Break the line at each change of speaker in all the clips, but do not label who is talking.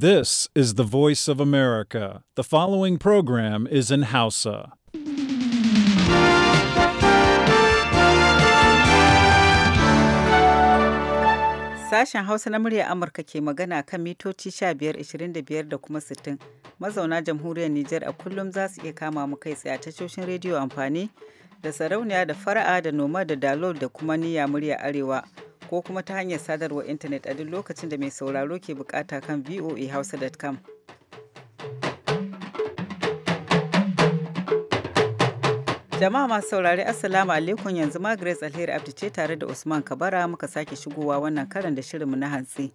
This is the voice of America. The following program is in
Hausa. Sashen Hausa na murya Amurka ke magana kan mitoci 15-25 da kuma 60. Mazauna jamhuriyar Nijar a kullum za su iya kama mu kai tsaye tashoshin rediyo amfani da sarauniya da fara'a da noma da dalol da kuma niyya murya arewa ko kuma ta hanyar sadarwar intanet a duk lokacin da mai sauraro ke bukata kan voahausa.com. ma masu saurari Assalamu alaikum yanzu ma Grace Alheri Abdi ce tare da Usman Kabara muka sake shigowa wannan karan da shirinmu na hantsi.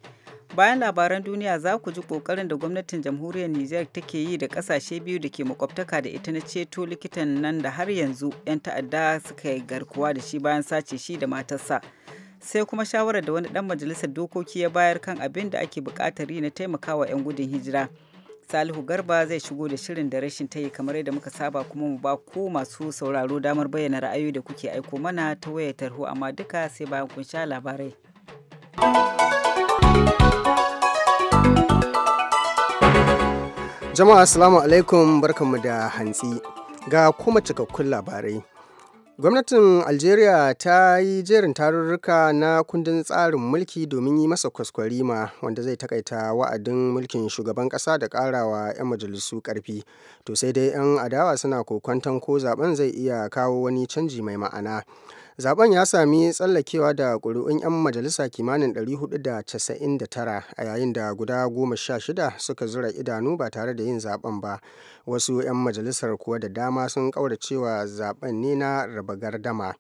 Bayan labaran duniya za ku ji kokarin da gwamnatin jamhuriyar Nijar take yi da kasashe biyu da ke makwabtaka da ita na ceto likitan nan da har yanzu 'yan ta'adda suka yi garkuwa da shi bayan sace shi da matarsa. Sai kuma shawarar da wani dan majalisar dokoki ya bayar kan abin da ake bukatar yi na taimakawa 'yan gudun hijira. Salihu Garba zai shigo da shirin da rashin tayi kamar yadda muka saba kuma mu ba ko masu sauraro damar bayyana ra'ayoyi da kuke aiko mana ta wayar tarho amma duka sai bayan kun sha labarai.
Jama'a assalamu alaikum barkanmu da hantsi ga kuma cikakkun labarai. Gwamnatin Algeria ta yi jerin tarurruka na kundin tsarin mulki domin yi masa kwaskwarima wanda zai takaita wa'adin mulkin shugaban kasa da karawa 'yan majalisu karfi. To sai dai 'yan adawa suna kokwanton ko zaben zai iya kawo wani canji mai ma'ana. Zaben ya sami tsallakewa da ƙuri'un 'yan majalisa kimanin 499 a yayin da guda goma sha shida suka zura idanu ba tare da yin zaben ba. Wasu 'yan majalisar kuwa da dama sun ƙauracewa zaben ne na raba gardama.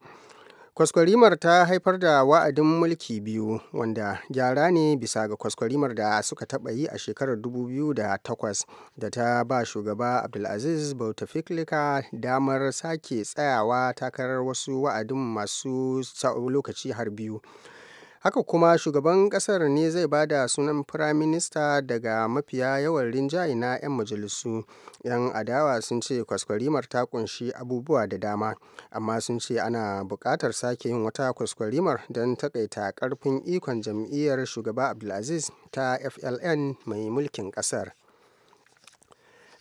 kwaskwarimar ta haifar da wa'adin mulki biyu wanda gyara ne bisa ga kwaskwarimar da suka taɓa yi a shekarar 2008 da ta ba shugaba abdulaziz bautafiklika damar sake tsayawa takarar wasu wa'adin masu lokaci har biyu haka kuma shugaban kasar ne zai ba da sunan firaminista daga mafiya yawan rinjaye na 'yan majalisu 'yan adawa sun ce kwaskwarimar ta kunshi abubuwa da dama amma sun ce ana buƙatar sake yin wata kwaskwarimar don taƙaita ƙarfin ikon jam'iyyar shugaba abdulaziz ta fln mai mulkin kasar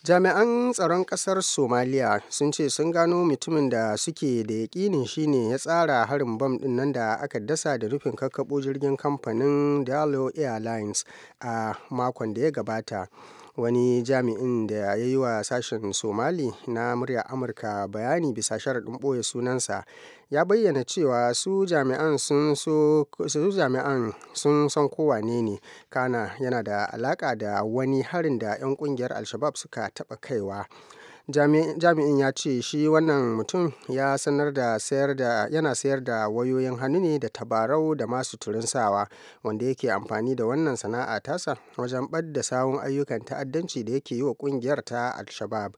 jami'an tsaron kasar somaliya sun ce sun gano mutumin da suke da yakinin shine ya tsara harin bam din nan da aka dasa da nufin kakkaɓo jirgin kamfanin dalo airlines a makon da ya gabata wani jami'in da ya yi wa sashen somali na murya amurka bayani bisa sharaɗin ɓoye sunansa ya bayyana cewa su jami'an sun san kowane ne kana yana da alaƙa da wani harin da 'yan ƙungiyar alshabab suka taɓa kaiwa jami'in ya ce shi wannan mutum ya sanar da sayar da yana sayar da wayoyin hannu ne da tabarau da masu turin wanda yake amfani da wannan sana'a tasa wajen ɓadda sawun ayyukan ta'addanci da yake yi wa kungiyar ta al-shabab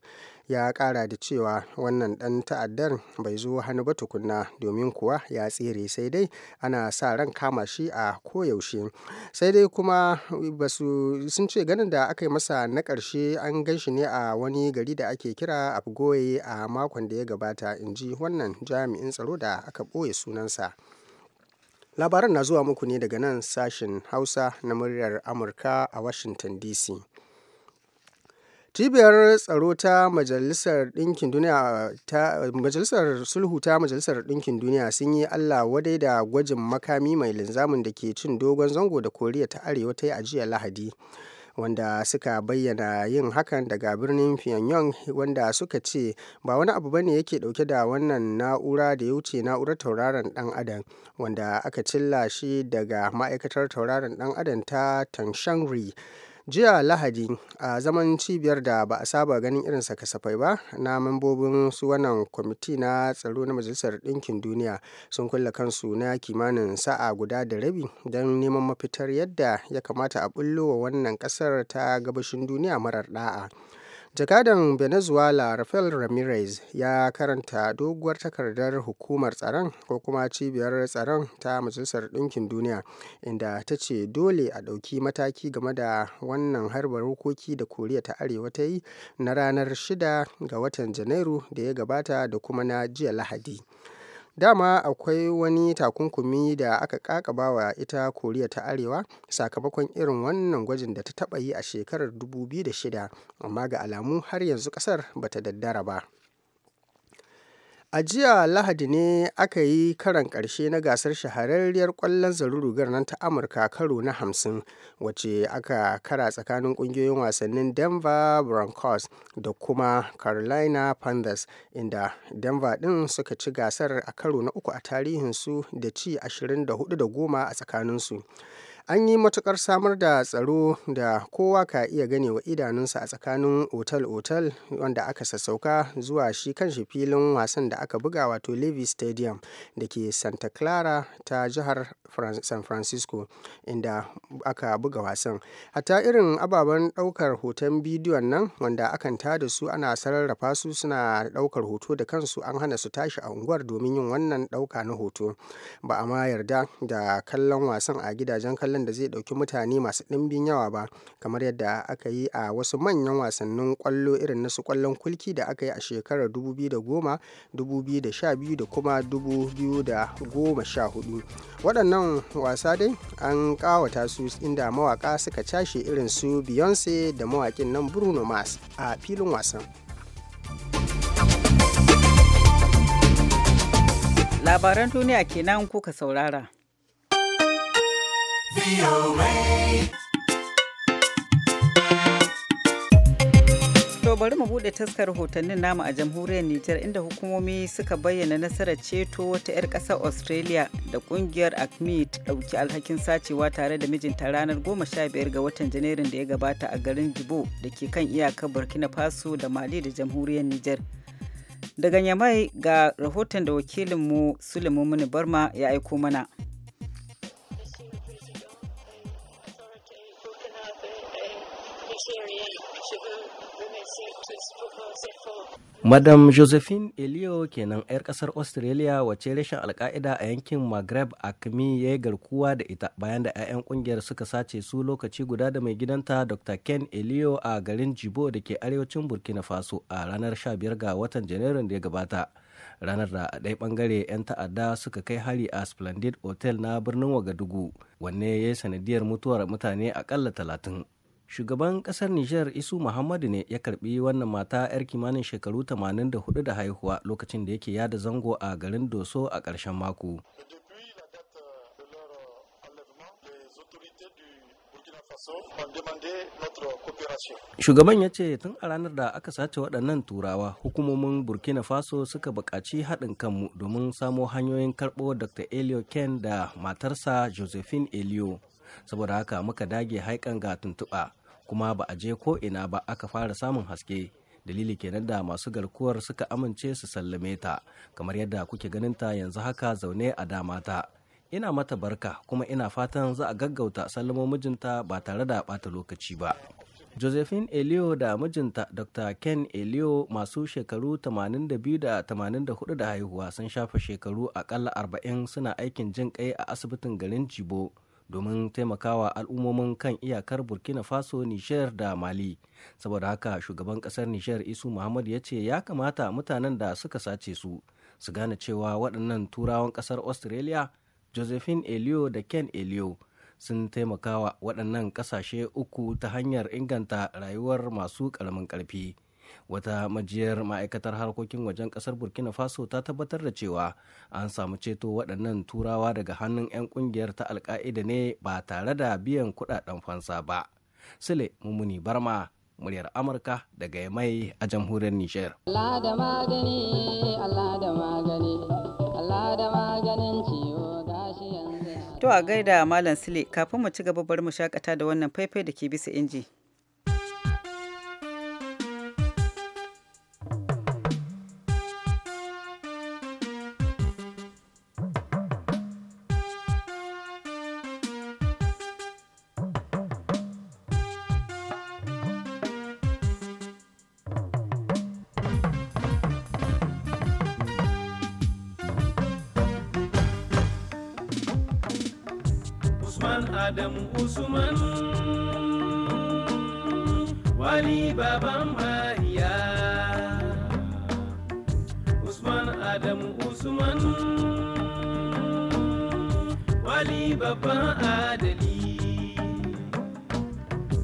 ya kara da cewa wannan dan ta'addar bai zo hannu ba tukunna domin kuwa ya tsere sai dai ana sa ran kama shi a koyaushe sai dai kuma basu sun ce ganin da aka yi masa na ƙarshe an gan shi ne a wani gari da ake kira afgoye a makon da ya gabata in ji wannan jami'in tsaro da aka ɓoye sunansa labaran na zuwa muku ne daga nan sashen hausa na muryar amurka a washington dc Cibiyar Tsaro ta Majalisar Ɗinkin Duniya ta Majalisar Sulhu ta Majalisar Ɗinkin Duniya sun yi Allah wadai da gwajin makami mai linzamin da ke cin dogon zango da Koriya ta Arewa ta yi a jiya Lahadi. wanda suka bayyana yin hakan daga birnin Pyongyang wanda suka ce ba wani abu bane yake dauke da wannan na'ura da ya wuce na'urar tauraron dan adam wanda aka cilla shi daga ma'aikatar tauraron dan adam ta Tangshanri jiya lahadi a zaman cibiyar da ba a saba ganin sa kasafai ba na membobin su wannan kwamiti na tsaro na majalisar ɗinkin duniya sun kulle kansu na kimanin sa'a guda da rabi don neman mafitar yadda ya kamata a bullo wa wannan ƙasar ta gabashin duniya marar ɗa'a jakadan venezuela rafael ramirez ya karanta doguwar takardar hukumar tsaron ko kuma cibiyar tsaron ta majalisar ɗinkin duniya inda ta ce dole a ɗauki mataki game da wannan harbar hukoki da koriya ta arewa ta yi na ranar 6 ga watan janairu da ya gabata da kuma na jiya lahadi dama akwai wani takunkumi da aka ƙaƙaba wa ita Koriya ta Arewa sakamakon irin wannan gwajin da ta taba yi a shekarar 2006, amma ga alamu har yanzu kasar bata daddara ba. A jiya Lahadi ne aka yi karan ƙarshe na gasar shahararriyar ƙwallon zarurugar nan ta Amurka karo na hamsin wacce aka kara tsakanin ƙungiyoyin wasannin Denver Broncos da kuma Carolina Panthers inda Denver ɗin suka ci gasar a karo na uku a tarihinsu da ci 24 da goma a tsakaninsu. an yi matukar samar da tsaro da kowa ka iya gane wa idanunsa a tsakanin otal-otal wanda aka sassauka zuwa shi kanshi filin wasan da aka buga wato levy stadium da ke santa clara ta jihar san francisco inda aka buga wasan hata irin ababen daukar hoton bidiyon nan wanda akan ta da su ana sararrafa su suna daukar hoto da kansu an hana su tashi a unguwar domin yin wannan dauka na hoto ba a ma yarda da kallon wasan a gidajen kallon tsarin da zai ɗauki mutane masu ɗimbin yawa ba kamar yadda aka yi a wasu manyan wasannin kwallo irin na su ƙwallon kulki da aka yi a shekarar 2010 2012 da kuma 2014 waɗannan wasa dai an kawata su inda mawaka suka cashe irin su beyonce da mawakin nan bruno mars a filin wasan
labaran duniya kenan kuka saurara To bari mu bude taskar rahotannin namu a jamhuriyar Nijar inda hukumomi suka bayyana nasarar ceto wata 'yar ƙasar Australia da kungiyar ACME ta ɗauki alhakin sacewa tare da mijinta ranar 15 ga watan Janairun da ya gabata a garin Jibo da ke kan iyakar Burkina Faso da Mali da jamhuriyar Nijar. Daga nyamai ga rahoton da wakilinmu Suleiman Barma ya aiko mana.
Madam Josephine Elio kenan 'yar kasar Australia wace rashin alka'ida a yankin Maghreb Akmi ya yi garkuwa da ita bayan da 'ya'yan kungiyar suka sace su lokaci guda da mai gidanta Dr. Ken Elio a garin Jibo da ke arewacin Burkina Faso a ranar 15 ga watan Janairun da ya gabata. Ranar da a ɗaya bangare 'yan ta'adda suka kai hari a Splendid Hotel na birnin Wagadugu, wanne ya yi sanadiyar mutuwar mutane akalla talatin. shugaban kasar nijar isu muhammadu ne ya karbi wannan mata 'yar kimanin shekaru 84 da haihuwa lokacin da yake yada zango a garin doso a karshen mako Shugaban ya ce tun a ranar da aka sace waɗannan turawa hukumomin Burkina Faso suka buƙaci haɗin kanmu domin samo hanyoyin karɓo Dr. Elio Ken da matarsa Josephine Elio. Saboda haka muka dage haikan ga tuntuɓa kuma ba a je ko ina ba aka fara samun haske dalili kenan da masu garkuwar suka amince su sallame ta kamar yadda kuke ganin ta yanzu haka zaune a dama ta ina mata barka kuma ina fatan za a gaggauta sallamo mijinta ba tare da bata lokaci ba josephine elio da mijinta dr ken elio masu shekaru 82 da 84 da haihuwa sun shafe shekaru akalla 40 suna aikin jin kai a asibitin garin jibo domin taimakawa al'ummomin kan iyakar burkina faso nishiyar da mali saboda haka shugaban kasar nishiyar isu muhammad ya ce ya kamata mutanen da suka sace su su gane cewa waɗannan turawan kasar australia josephine elio da ken elio sun taimakawa waɗannan ƙasashe uku ta hanyar inganta rayuwar masu ƙaramin ƙarfi. wata majiyar ma'aikatar harkokin wajen kasar burkina faso ta tabbatar da cewa an samu ceto waɗannan turawa daga hannun 'yan kungiyar ta alka'ida ne ba tare da biyan kudaden fansa ba sile mummuni barma muryar amurka daga mai a jamhuriyar nijar
To a gaida Malam sile kafin mu ci gaba bari mu shakata da wannan faifai da ke bisa inji.
Adamu Usman Wali Baban Mariya Usman Adamu Usman Wali Babban Adali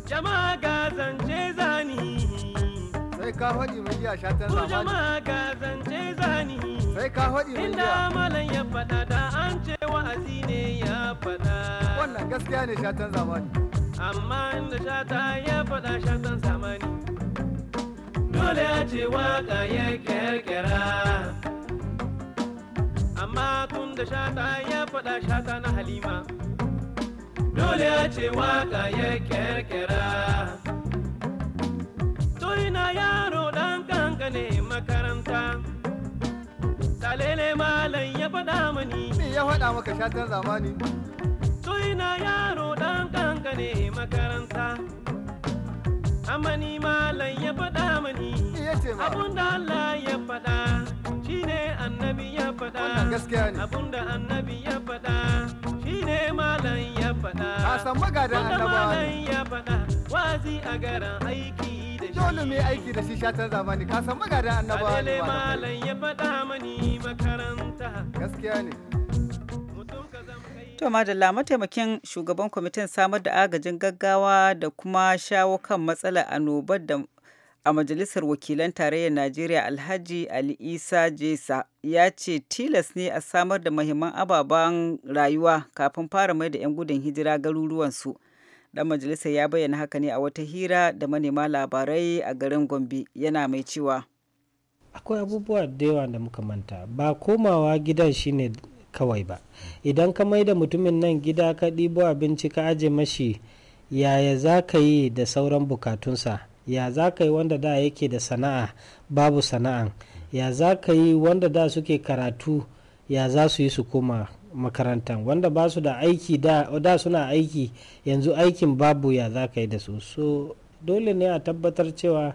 Jama'a ga zance zani Sai ka faɗi mai iya shatan zama Jama'a ga zance zani Sai ka faɗi mai iya Inda malam ya faɗa da an ce wa'azi ne ya faɗa gaskiya ne shatan zamani amma inda shata ya faɗa shatan zamani dole a ce waka ya kyarkyara amma tun da shata ya faɗa shata na halima dole a ce waka ya kyarkyara ina yaro ɗan kankane makaranta talele malam ya faɗa mani me ya faɗa maka shatan zamani ina yaro ɗan ne makaranta amma ni malam ya faɗa mani abun da Allah ya faɗa shine annabi ya faɗa Abun da annabi ya faɗa shine malam ya faɗa a san magadan annabawa ya faɗa wazi a garan aiki dole mai aiki da shi shatan zamani ka san magadan annabawa ne malam ya faɗa mani makaranta gaskiya ne
To Madalla mataimakin shugaban kwamitin samar da agajin gaggawa da kuma shawo kan matsalar annobar da a Majalisar Wakilan Tarayyar Najeriya Alhaji Ali Isa Jesa ya ce tilas ne a samar da mahimman ababen rayuwa kafin fara mai da 'yan gudun hijira garuruwansu. Dan majalisar ya bayyana haka ne a wata hira da manema labarai a garin Gombe yana mai cewa.
Akwai abubuwa da yawa da muka manta ba komawa gidan shine kawai ba idan ka mai da mutumin nan gida ka ɗibo abinci ka aje mashi yaya za ka yi da sauran bukatunsa ya za ka yi wanda da yake da sana'a babu sana'a ya za ka yi wanda da suke karatu ya za su yi su koma makarantan wanda ba su da aiki da, suna aiki yanzu aikin babu ya za ka yi da su so dole ne a tabbatar cewa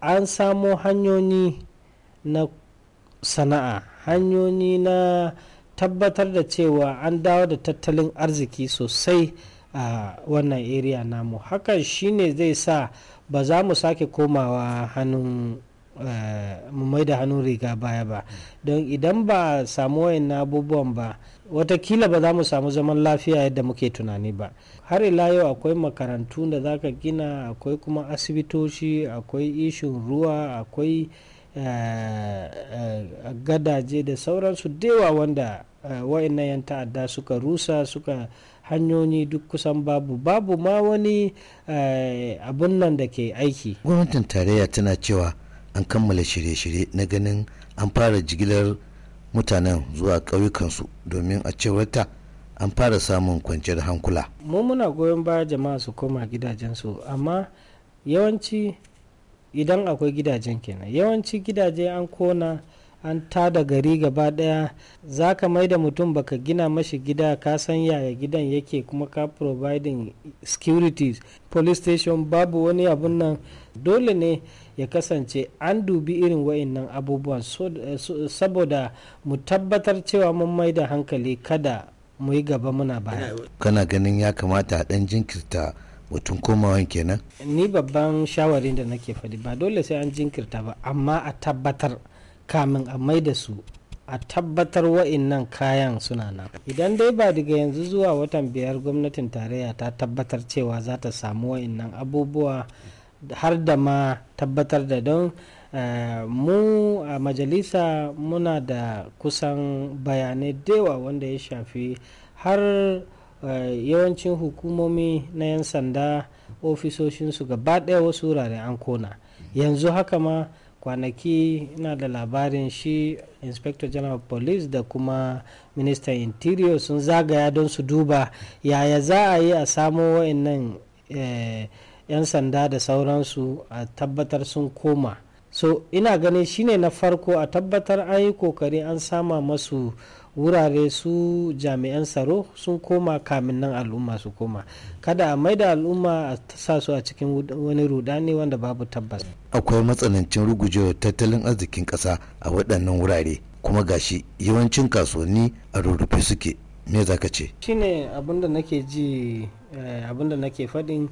an samo hanyoyi na sana'a hanyoyi na tabbatar da cewa an dawo da tattalin arziki sosai a wannan area namu hakan shine zai sa ba za mu sake komawa hannun eh, mu mai da hannun riga baya ba don idan ba samu wayan abubuwan ba watakila ba za mu samu zaman lafiya yadda muke tunani ba har ila yau akwai makarantu da za ka gina akwai kuma asibitoci akwai ishin ruwa akwai Eh, eh, gadaje da sauransu dewa wanda eh, wa'annan 'yan ta'adda suka rusa suka hanyoyi duk kusan babu babu ma wani abun nan da ke aiki
gwamnatin tarayya tana cewa an kammala shirye-shirye na ganin an fara jigilar mutanen zuwa ƙauyukansu domin a cewarta an fara samun kwanciyar hankula
mu muna goyon baya jama'a su koma gidajensu amma yawanci idan akwai gidajen kenan yawanci gidaje an kona an ta da gari gaba daya za ka mai da mutum baka gina mashi gida ka san yaya gidan yake kuma ka providing security police station babu wani abun nan dole ne ya kasance an dubi irin wa'annan abubuwan saboda mu tabbatar cewa mun mai da hankali kada mu yi gaba muna baya
kana ganin ya kamata a dan jinkirta mutum komawan kenan
ni babban shawarin da nake faɗi ba dole sai an jinkirta ba amma a tabbatar kamin a mai da su a tabbatar wa'innan kayan suna nan idan dai ba daga yanzu zuwa watan biyar gwamnatin tarayya ta tabbatar cewa za ta samu wa'innan abubuwa har da ma tabbatar da don Uh, mu a majalisa muna da kusan bayanai dewa wanda ya shafi har Eh, yawancin hukumomi na 'yan sanda ofisoshinsu gaba ɗaya wasu wurare an kona yanzu haka ma kwanaki na da labarin shi inspector general police da kuma ministan interior sun zagaya don su duba yaya za a yi a samo wa'annan eh, 'yan sanda da sauransu a tabbatar sun koma so ina ganin shine na farko a tabbatar an yi kokari an sama masu wurare su jami'an tsaro sun koma kamin nan al'umma su koma kada a maida al'umma a sa su a cikin wani rudani wanda babu tabbas
akwai matsanancin rugujewar tattalin arzikin ƙasa a waɗannan wurare kuma gashi yawancin kasuwanni a rurrufe suke me za ka ce
shine abinda nake ji eh, abinda nake faɗin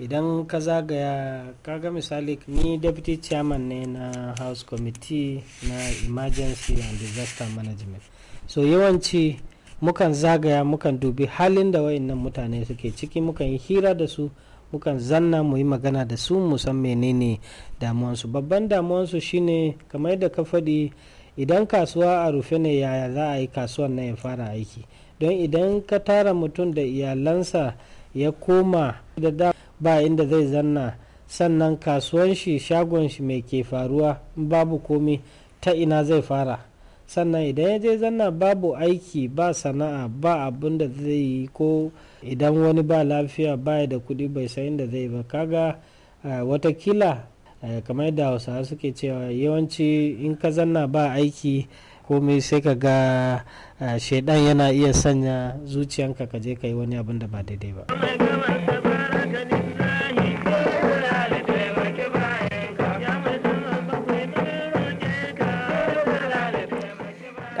idan ka zagaya ka ga misali ni deputy chairman ne na house committee na emergency and disaster management so yawanci mukan zagaya mukan dubi halin da wayannan mutane suke ciki mukan yi hira da su mukan zanna mu yi magana da su mu san menene damuwansu babban damuwansu shine kamar yadda ka faɗi idan kasuwa a rufe ne yaya za a yi kasuwan na ya fara aiki don idan ka tara mutum da iyalansa ya koma da da ba inda zai zanna sannan kasuwan shi shagon shi mai ke faruwa babu komi ta ina zai fara sannan idan ya je zanna babu aiki ba sana'a ba abin da zai yi ko idan wani ba lafiya baya da kuɗi bai san inda zai ba kaga watakila kamar da hausawa suke cewa yawanci in ka zanna ba aiki komai sai ka ga shaidan yana iya sanya zuciyanka ka je ka yi wani abun da ba daidai ba.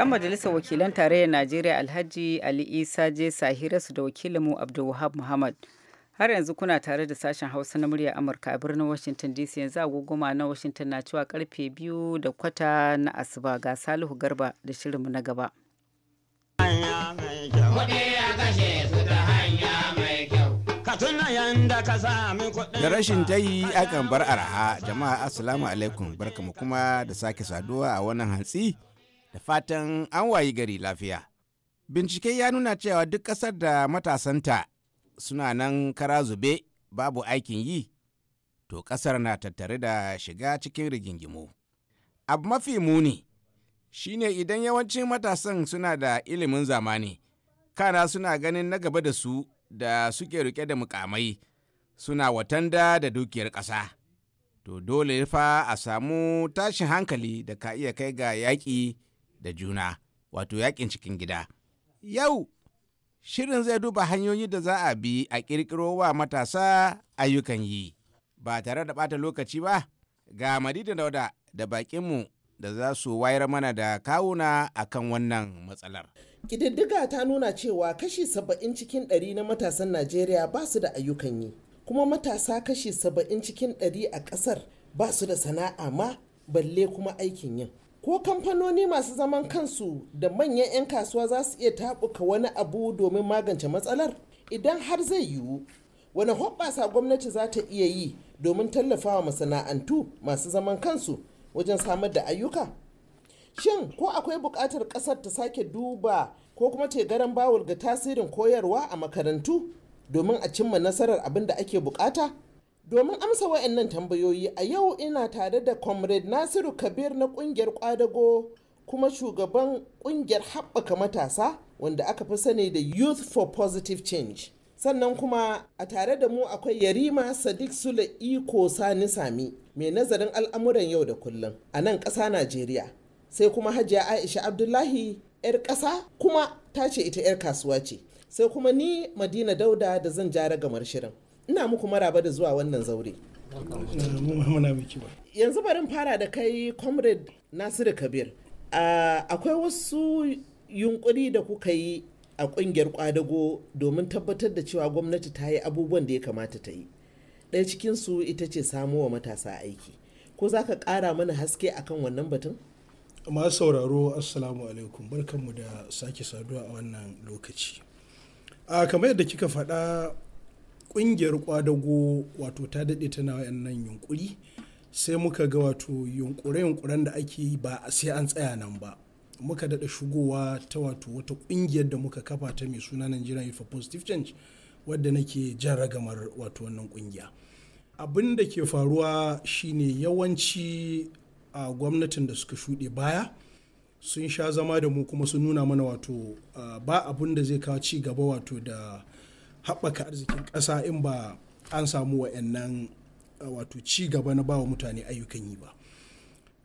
dan majalisar wakilan tarayyar najeriya alhaji ali isa je sahirasu da wakilinmu abdulwahab muhammad har yanzu kuna tare da sashen hausa na murya amurka a birnin washington dc yanzu agogoma na washington na cewa karfe biyu da kwata na asuba ga salihu garba da shirinmu na gaba da rashin
tayi akan bar araha jama'a asalamu alaikum barkamu kuma da sake saduwa a wannan hantsi da fatan an wayi gari lafiya. Bincike ya nuna cewa duk ƙasar da matasanta suna nan kara zube babu aikin yi, to ƙasar na tattare da shiga cikin rigingimu. Abu mafi muni shi ne idan yawancin matasan suna da ilimin zamani, kana suna ganin na gaba da su da suke rike da mukamai suna watanda da dukiyar ƙasa. To dole fa a samu tashin hankali da ka iya kai ga yaƙi da juna wato yakin cikin gida yau shirin zai duba hanyoyi da za a bi a ƙirƙiro wa matasa ayyukan yi ba tare da bata lokaci ba ga Madida dauda da bakinmu da za su wayar mana da kawuna a kan wannan matsalar ƙididdiga ta nuna cewa kashi
saba'in cikin ɗari na matasan najeriya ba su da ayyukan yi kuma matasa kashi saba'in cikin ɗari a ƙasar ba su da sana'a ma balle kuma aikin yin ko kamfanoni masu zaman kansu da manyan 'yan kasuwa za su iya tabuka wani abu domin magance matsalar idan har zai yiwu wani hoɓɓasa gwamnati za ta iya yi domin tallafawa masana'antu masu zaman kansu wajen samar da ayyuka shin ko akwai buƙatar ƙasar ta sake duba ko kuma ce garan bawul ga tasirin koyarwa a makarantu domin a cimma nasarar abin da ake buƙata Domin amsa wa'annan tambayoyi a yau ina tare da Comrade Nasiru Kabir na kungiyar kwadago kuma shugaban kungiyar haɓaka matasa wanda aka fi sani da Youth for Positive Change. Sannan kuma a tare da mu akwai Yarima Sadiq Sule Iko Sani Sami mai nazarin al'amuran yau da kullum a nan ƙasa Najeriya. Sai kuma Hajiya Aisha Abdullahi 'yar ƙasa kuma ta ce ita 'yar kasuwa ce. Sai kuma ni Madina Dauda da zan jara gamar shirin. ina muku maraba da zuwa wannan zaure yanzu barin fara da kai comrade nasiru kabir akwai wasu yunkuri da kuka yi a kungiyar kwadago domin tabbatar da cewa gwamnati ta yi abubuwan da ya kamata ta yi ɗaya cikinsu ita ce samo wa matasa aiki ko za ka ƙara mana haske akan wannan batun
masu sauraro assalamu alaikum barkanmu da sake saduwa a wannan lokaci a kamar yadda kika faɗa kungiyar kwadago wato ta daɗe tana wayannan yunkuri sai muka ga wato yunkure-yunkuren da ake yi ba sai an tsaya nan ba muka daɗa shigowa ta wato wata kungiyar da muka kafa ta mai suna Nigerian for Positive Change wadda nake jan ragamar wato wannan kungiya abin da ke faruwa shine yawanci a gwamnatin da suka shuɗe baya sun sha zama da mu kuma sun nuna mana wato ba abin da zai kawo ci gaba wato da haɓaka arzikin ƙasa in ba an samu wa'annan uh, wato ci gaba na bawa mutane ayyukan yi ba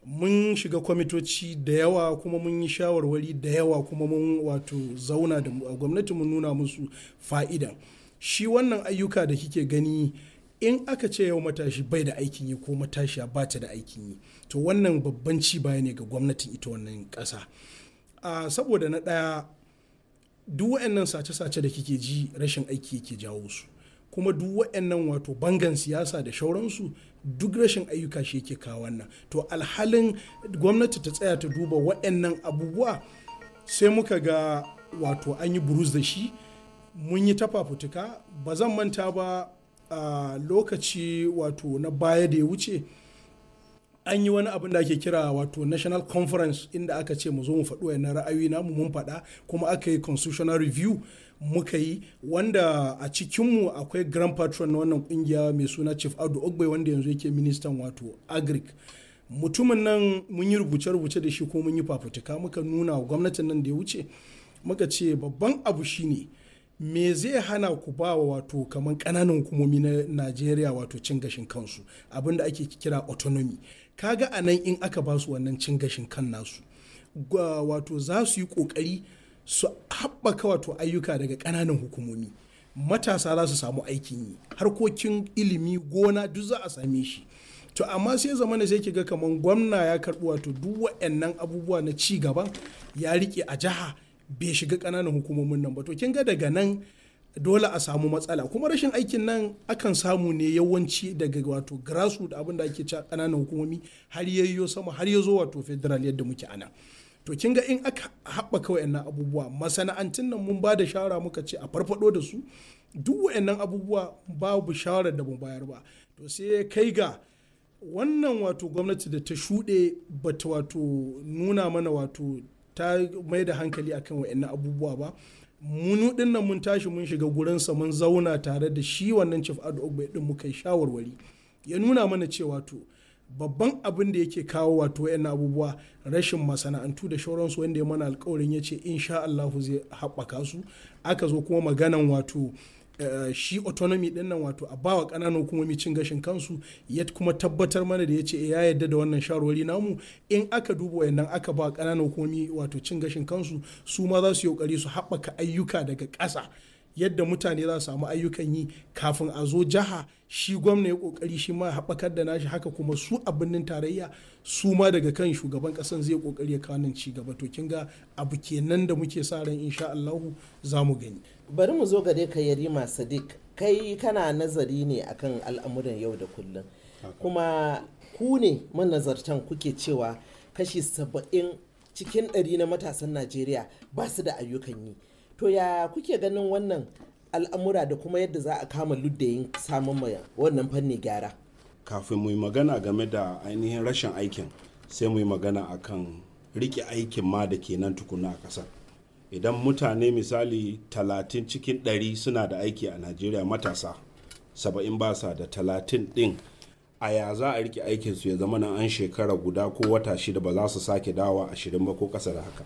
mun shiga kwamitoci da yawa kuma mun yi shawarwari da yawa kuma mun wato zauna da gwamnati mun nuna musu fa'ida shi wannan ayyuka da kike gani in aka ce yau matashi bai da aikin yi ko matashi bata bata da aikin yi to wannan babban ci baya ne ga gwamnatin ita wannan ƙasa uh, saboda na ɗaya duk waɗannan sace-sace da kike ji rashin aiki yake jawo su kuma duk waɗannan wato bangan siyasa da shauransu duk rashin ayyuka shi yake kawo wannan to alhalin gwamnati ta tsaya ta duba waɗannan abubuwa sai muka ga wato an yi buruz da shi mun yi tafafutuka ba zan manta ba a lokaci wato na baya da ya wuce an yi wani abin da ake kira wato national conference inda aka ce mu zo mu faɗi wayannan ra'ayoyi namu mun faɗa kuma aka yi constitutional review muka yi wanda a cikinmu akwai grand patron na wannan kungiya mai suna chief adu ogbe wanda yanzu yake ministan wato agric mutumin nan mun yi rubuce-rubuce da shi ko mun yi fafutuka muka nuna gwamnatin nan da ya wuce muka ce babban abu shine me zai hana ku ba wa wato kamar kananan hukumomi na najeriya wato cin gashin kansu abinda ake kira autonomy kaga a nan in aka ba su wannan cin gashin kan nasu wato za su yi kokari su haɓaka wato ayyuka daga ƙananan hukumomi matasa za su samu aikin yi harkokin ilimi gona duk za a same shi to amma sai zama zamana sai ki ga kamar gwamna ya karɓi wato duk waɗannan abubuwa na ci gaban ya riƙe a jiha bai shiga ƙananan hukumomin nan ba to kin ga daga nan dole a samu matsala kuma rashin aikin nan akan samu ne yawanci daga wato grasu da abin da ake cewa ƙananan hukumomi har yayyo sama har yazo wato federal yadda muke ana to kin ga in aka haɓaka wayannan abubuwa masana'antun nan mun ba da shawara muka ce a farfado da su duk wayannan abubuwa babu shawarar da mu bayar ba to sai kai ga wannan wato gwamnati da ta shuɗe bata wato nuna mana wato ta mai da hankali akan wayannan abubuwa ba munu din nan mun tashi mun shiga gurinsa mun zauna tare da shi wannan chief ad ogbe din muka yi shawarwari ya nuna mana cewa to babban abin da yake kawo wato yan abubuwa rashin masana'antu da shauransu wanda ya mana alkawarin ya ce insha Allah zai haɓaka su aka zo kuma maganan wato Eh, shi autonomy din nan wato a bawa kananan hukumomi cin gashin kansu ya kuma tabbatar mana da ya ce eh, ya yadda da wannan shawarwari namu in aka duba wayannan aka ba kananan hukumomi wato cin gashin kansu su ma za su yi kokari su haɓaka ayyuka daga ƙasa yadda mutane za su samu ayyukan yi kafin a zo jaha shi gwamna ya kokari shi ma haɓakar da nashi haka kuma su a birnin tarayya su ma daga kan shugaban ƙasan zai kokari ya kawo nan ci gaba to kin ga abu kenan da muke sa ran insha Allahu za mu gani bari
mu zo gare ka yarima sadiq kai kana nazari ne akan al'amuran yau da kullum kuma ku ne manazartan kuke cewa kashi saba'in cikin ɗari na matasan najeriya ba su da ayyukan yi to ya kuke ganin wannan al'amura da kuma yadda za a kama luddayin samun mai wannan fanni gyara
kafin mu yi magana game da ainihin rashin aikin sai mu yi magana akan riƙe aikin ma da ke nan tukuna a ƙasar idan mutane misali talatin cikin 100 suna da aiki a najeriya matasa 70 ba sa da talatin din a ya za a rike aikinsu ya zama na an shekara guda ko wata shida ba za su sake dawa ashirin ba ko kasa da haka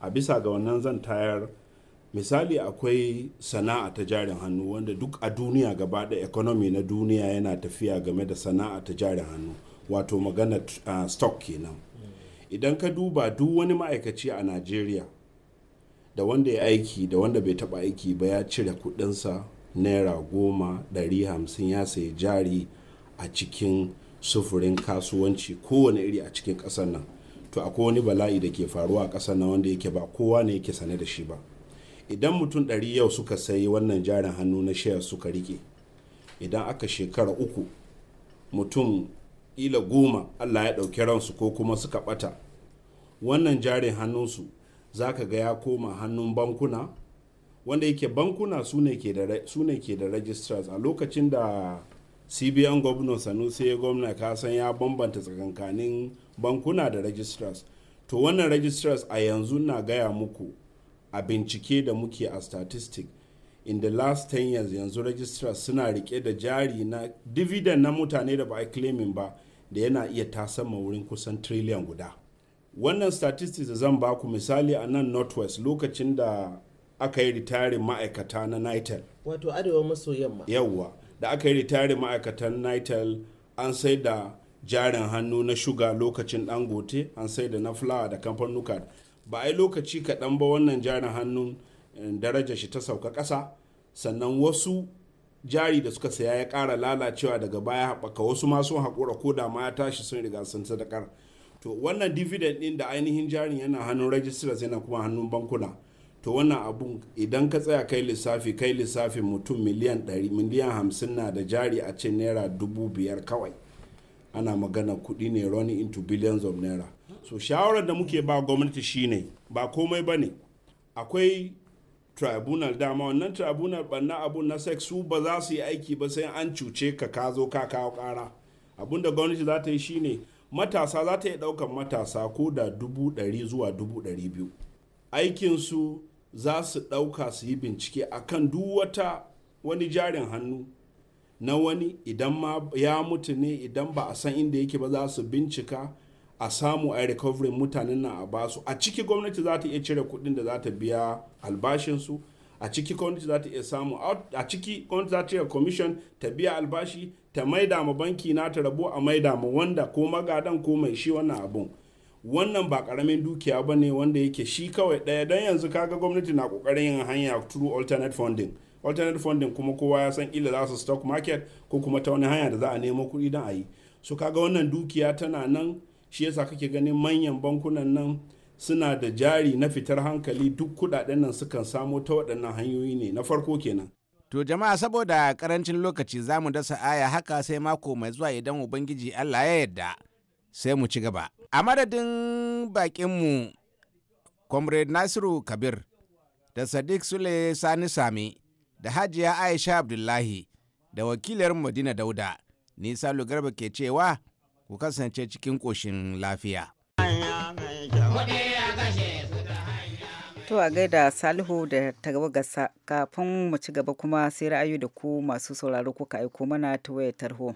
a bisa ga wannan zan tayar misali akwai sana'a ta jarin hannu wanda duk a duniya gaba da economy na duniya yana tafiya game da sana'a ta jarin hannu wato magana uh, ah, stock kenan idan ka duba duk wani ma'aikaci a najeriya da wanda ya aiki da wanda bai taba aiki ba ya cire kudinsa naira goma ɗari hamsin ya sayi jari a cikin sufurin kasuwanci kowane iri a cikin ƙasar nan to akwai wani bala'i da ke faruwa a ƙasar nan wanda yake ba kowa ne yake sane da shi ba idan mutum ɗari yau suka sayi wannan jarin hannu na shayar suka rike idan aka shekara uku mutum ila goma allah ya ɗauki ransu ko kuma suka ɓata wannan jarin hannunsu za ka ga ya koma hannun bankuna wanda yake bankuna su ne ke da registrars a lokacin da cbn governor sanusi ya gwamna kasan ya bambanta tsakankanin bankuna da registrars to wannan registrars a yanzu na gaya muku a bincike da muke a statistic in the last 10 years yanzu registrars suna rike da jari na dividend na mutane da ba a claiming ba da yana iya tasama wurin kusan trillion guda wannan statistics da zan baku misali a nan northwest lokacin da aka yi ritarin ma'aikata na nitel
wato arewa maso yamma yawwa
da aka yi ritarin ma'aikatan nitel an sai da jarin hannu na shuga lokacin dangote an sai da na fulawa da nukar ba a yi lokaci kaɗan ba wannan jarin hannun eh, daraja shi ta sauka ƙasa sannan wasu jari da suka saya ya ƙara lalacewa daga baya haɓaka wasu masu haƙura ko da ma ya tashi sun riga sun sadakar to wannan dividend din da ainihin jarin yana hannun registrars yana kuma hannun bankuna to wannan abun idan ka tsaya kai lissafi kai lissafi mutum miliyan 100 miliyan 50 na da jari a ce naira dubu biyar kawai ana magana kuɗi ne running into billions of naira so shawarar da muke ba gwamnati shine ba komai ba ne akwai tribunal dama wannan tribunal banna abu na sex su ba za su yi aiki ba sai an cuce ka ka zo ka kawo kara abun da gwamnati za ta yi shine matasa za ta iya ɗaukan matasa ko da dubu ɗari zuwa dubu ɗari biyu aikinsu za su ɗauka su yi bincike a kan wata wani jarin hannu na wani idan ma ya mutu ne idan ba a san inda yake ba za su bincika a samu a recovery mutanen nan a basu a ciki gwamnati za ta iya cire kuɗin da za ta biya albashinsu a ciki gwamnati za ta iya samu a ciki gwamnati za ta iya commission ta biya albashi ta maida ma banki na ta rabu a maida ma wanda ko magadan ko mai shi wannan abun wannan ba karamin dukiya ba ne wanda yake shi kawai ɗaya don yanzu kaga gwamnati na kokarin yin hanya through alternate funding alternate funding kuma kowa ya san illa za su stock market ko kuma ta wani hanya da za a nemo kuɗi don a yi so kaga wannan dukiya tana nan shi yasa kake ganin manyan bankunan nan suna da jari na fitar hankali duk kuɗaɗen nan sukan samo ta waɗannan hanyoyi ne na
farko kenan To jama'a saboda karancin lokaci za mu dasa aya haka sai mako mai zuwa idan Ubangiji Allah ya yarda sai mu ci gaba. A madadin bakinmu, Comrade Nasiru Kabir da Sadiq Sule Sani Sami da Hajiya Aisha Abdullahi da Wakiliyar Madina Dauda, Nisa Lugarba
ke cewa ku kasance cikin ƙoshin lafiya. To a gaida Salihu da ta gaba gasa kafin mu ci gaba kuma sai ra'ayi da ku masu sauraro kuka aiko mana ta wayar tarho.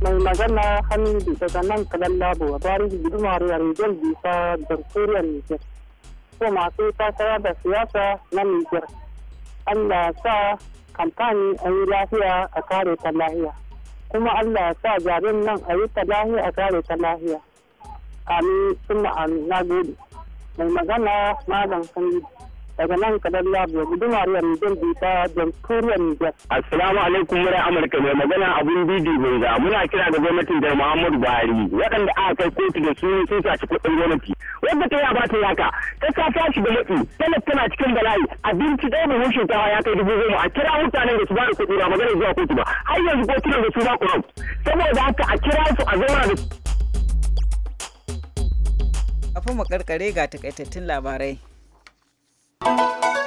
mai magana hamidu daga nan kalan labo a tarihi gudumar yarjejjen bisa da kuriyar ko masu takara da siyasa na nijar allah sa kamfani a yi lafiya a kare ta lahiya kuma Allah ya sa jarin nan a yi ta lahiya a kare ta lahiya amin suna amin na gode mai magana malam sanyi daga nan ya labuwa wari yan ta bita jamhuriyar nijar. assalamu alaikum murai amurka mai magana
abun didi ga muna kira ga gwamnatin da muhammadu buhari waɗanda aka
kai kotu da su sun saci kuɗin gwamnati wanda ta yaba ta yaka ta sa tashi da matsi talat tana cikin bala'i abinci ɗaya da hushin tawa ya kai dubu goma a kira mutanen da su ba da kuɗi ba magana zuwa kotu ba har yanzu kotunan da
su ba kurau saboda haka a kira su a zama da su. kafin mu karkare ga takaitattun labarai. Thank you.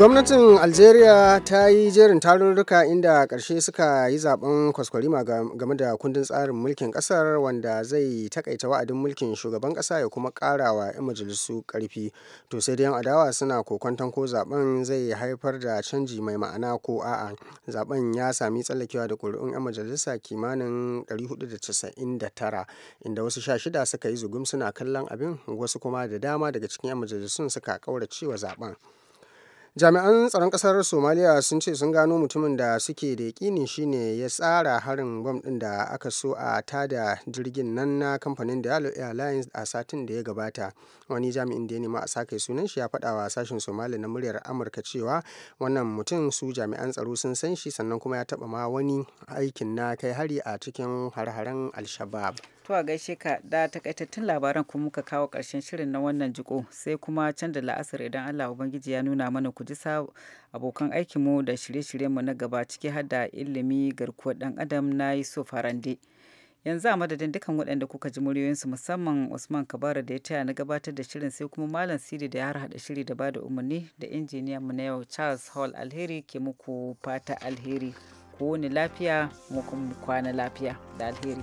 gwamnatin algeria ta yi jerin tarurruka inda karshe suka yi zaben kwaskwarima game da kundin tsarin mulkin kasar wanda zai takaita wa'adin mulkin shugaban kasa ya kuma kara 'yan majalisu karfi to sai dai yan adawa suna kokwanton ko zaben zai haifar da canji mai ma'ana ko a'a zaben ya sami tsallakewa da ƙuri'un 'yan majalisa kimanin 499 inda wasu sha shida suka yi zugum suna kallon abin wasu kuma da dama daga cikin 'yan majalisun suka kaurace wa zaben jami'an tsaron kasar somaliya sun ce sun gano mutumin da suke da yakinin shine ya tsara harin bom din da aka so a tada jirgin nan na kamfanin diallo airlines a satin da ya gabata wani jami'in da ya nema a sake sunan shi ya faɗa wa sashen somali na muryar amurka cewa wannan mutum su jami'an tsaro sun san shi sannan kuma ya taɓa ma wani aikin na kai hari a cikin har-haren al-shabab
To a gaishe ka da takaitattun labaran kuma muka kawo karshen shirin na wannan jiko sai kuma can da la'asar idan Allah Ubangiji ya nuna mana ku ji abokan aikinmu da shirye-shiryenmu na gaba ciki har da ilimi garkuwar dan adam na yi so farande Yanzu a madadin dukkan waɗanda kuka ji muryoyinsu musamman Usman Kabara da ya taya na gabatar da shirin sai kuma Malam Sidi da ya har hada shiri da bada umarni da injiniyan mu na yau Charles Hall Alheri ke muku fata alheri. Ku ni lafiya mu kuma kwana lafiya da alheri.